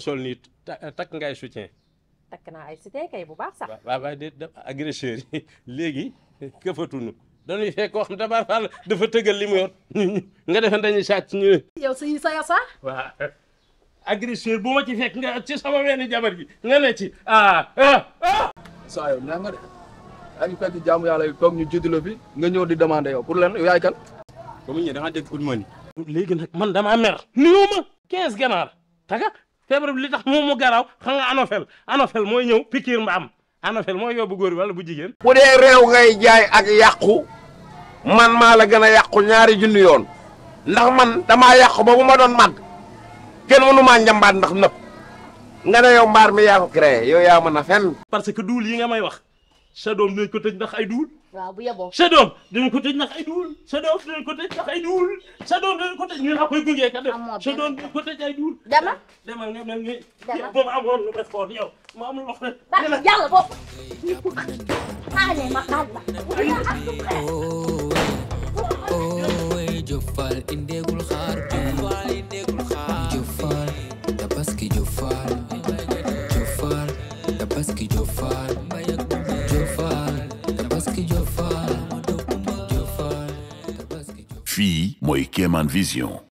ngay sol nii takk ngay soutien. takk naa ay soutien kay bu baax sax. waaw waaw de agresseur yi léegi këfatunu dañuy fekk koo xam tabaar faal dafa tëggal li nga defe dañuy sàcc ñu yow sa yi sa yasa waaw agresseur bu ci fekk nga ci sama wenn jabar gi nga ci ah ah. ah. saa yow naa nga fekk yàlla yi toog ñu jiitu la nga ñëw di demander yow pour lenn yow yaay kan. comme ñu da ngaa dégg good morning. léegi nag man damaa mer. nuyoo ma 15 ganaar taga feebar bi li tax moom mu garaaw xam nga anofel anofel mooy ñëw pikiir mbaam anofel mooy yóbbu góor wala bu jigéen. bu dee réew ngay jaay ak yàqu man maa la gën a yàqu ñaari junni yoon ndax man damaa yàqu ba bu ma doon màgg kenn mënu maa njambaat ndax nëpp nga ne yow mbaar mi yaa ko créé yow yaa mën a fenn. parce que duul yi nga may wax. sa doom dinañ ko tëj ndax ay duul. waaw bu yeboo sa doom dinañ ko tëj ndax ay duul. sa doom dinañ ko tëj ndax ay duul. sa doom dinañ ko tëj ñun a koy gunge ka def. sa doom dinañ ko tëj ay duul. dama dama nga mel ni. dama ba ma amoon lu def ko yow ma am lox rek. ba yàlla boobu. xaale ma xaal la. fii mooy Kéemaan Vision